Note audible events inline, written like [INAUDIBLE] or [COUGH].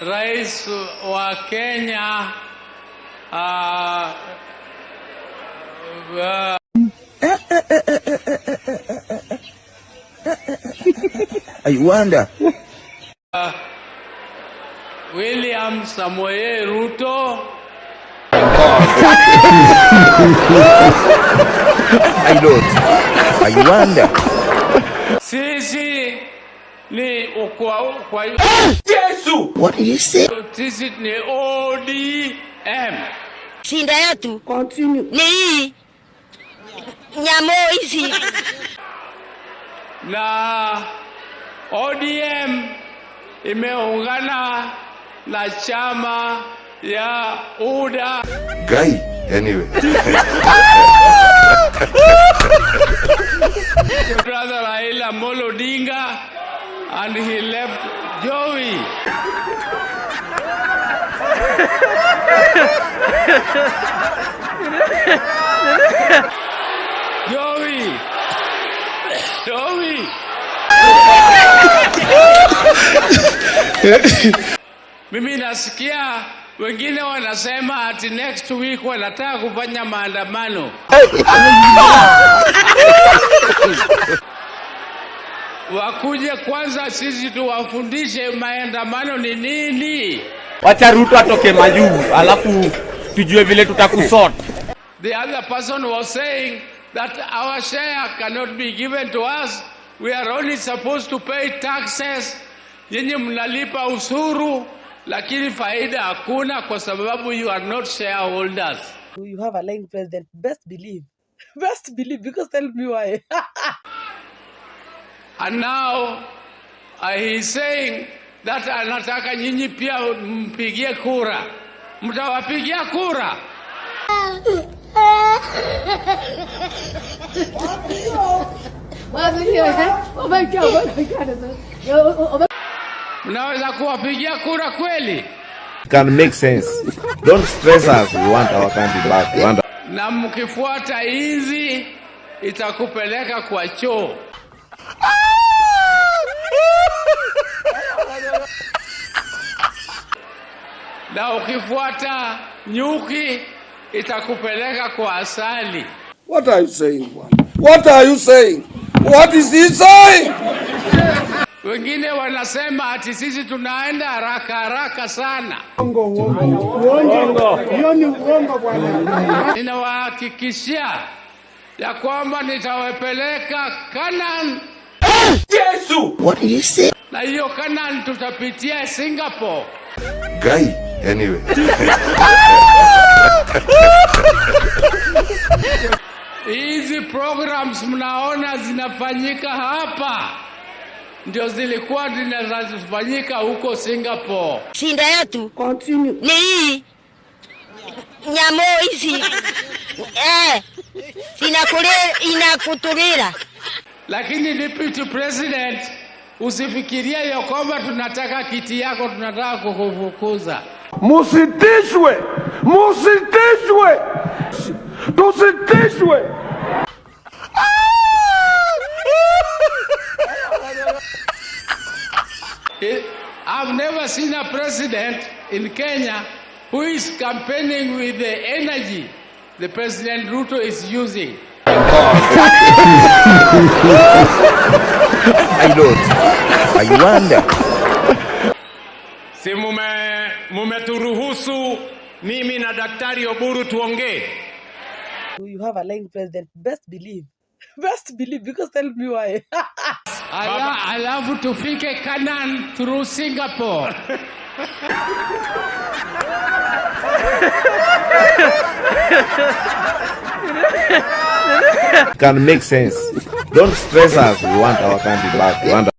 Rais wa Kenya uh, ah, uh, ah. I wonder. Uh, ah, William Samoe Ruto I don't. I wonder. See, see ni kwa hiyo Yesu. What did you say? This is ni ODM. Shinda yetu continue ni hii nyamo hizi na ODM imeungana na chama ya UDA. Gai, anyway. Brother Raila Amolo Odinga and he left Joey. Joey. Joey. Mimi nasikia wengine wanasema ati next week wanataka kufanya maandamano wakuje kwanza, sisi tuwafundishe maandamano ni nini. Wacha Ruto atoke majuu, alafu tujue vile tutakusort. The other person was saying that our share cannot be given to us, we are only supposed to pay taxes. Nyinyi mnalipa usuru lakini faida hakuna kwa sababu you are not shareholders. You have a lying president. Best believe. [LAUGHS] Best believe because tell me why. [LAUGHS] And now uh, he is saying that anataka nyinyi pia mpigie kura. Mtawapigia kura? Mnaweza kuwapigia kura kweli? Can make sense. Don't stress us. We want our country back. Na mkifuata hizi itakupeleka kwa choo. na ukifuata nyuki itakupeleka kwa asali. What are you saying bwana? What are you saying? What is he saying? Wengine wanasema ati sisi tunaenda haraka haraka sana. Uongo, uongo. Uongo. Hiyo ni uongo bwana. Ninawahakikishia ya kwamba nitawepeleka Kanan. Yesu. What do you say? Na hiyo Kanan tutapitia Singapore. Guy. Anyway. Hizi programs mnaona zinafanyika hapa ndio zilikuwa zinazofanyika huko Singapore. Shinda yetu Continue. ni hii nyamo hizi eh, inakutumira. Lakini deputy president, usifikirie ya kwamba tunataka kiti yako, tunataka kukufukuza. Musitishwe, musitishwe, tusitishwe. Ah! I've never seen a president in Kenya who is campaigning with the energy the President Ruto is using. I don't. I wonder. Simume mumeturuhusu mimi na Daktari Oburu tuongee. You have a lying president. Best believe. [LAUGHS] Best believe because tell me why. Ala, Alafu tufike Canaan through Singapore. [LAUGHS] Can make sense. Don't stress us. We want our country back. We want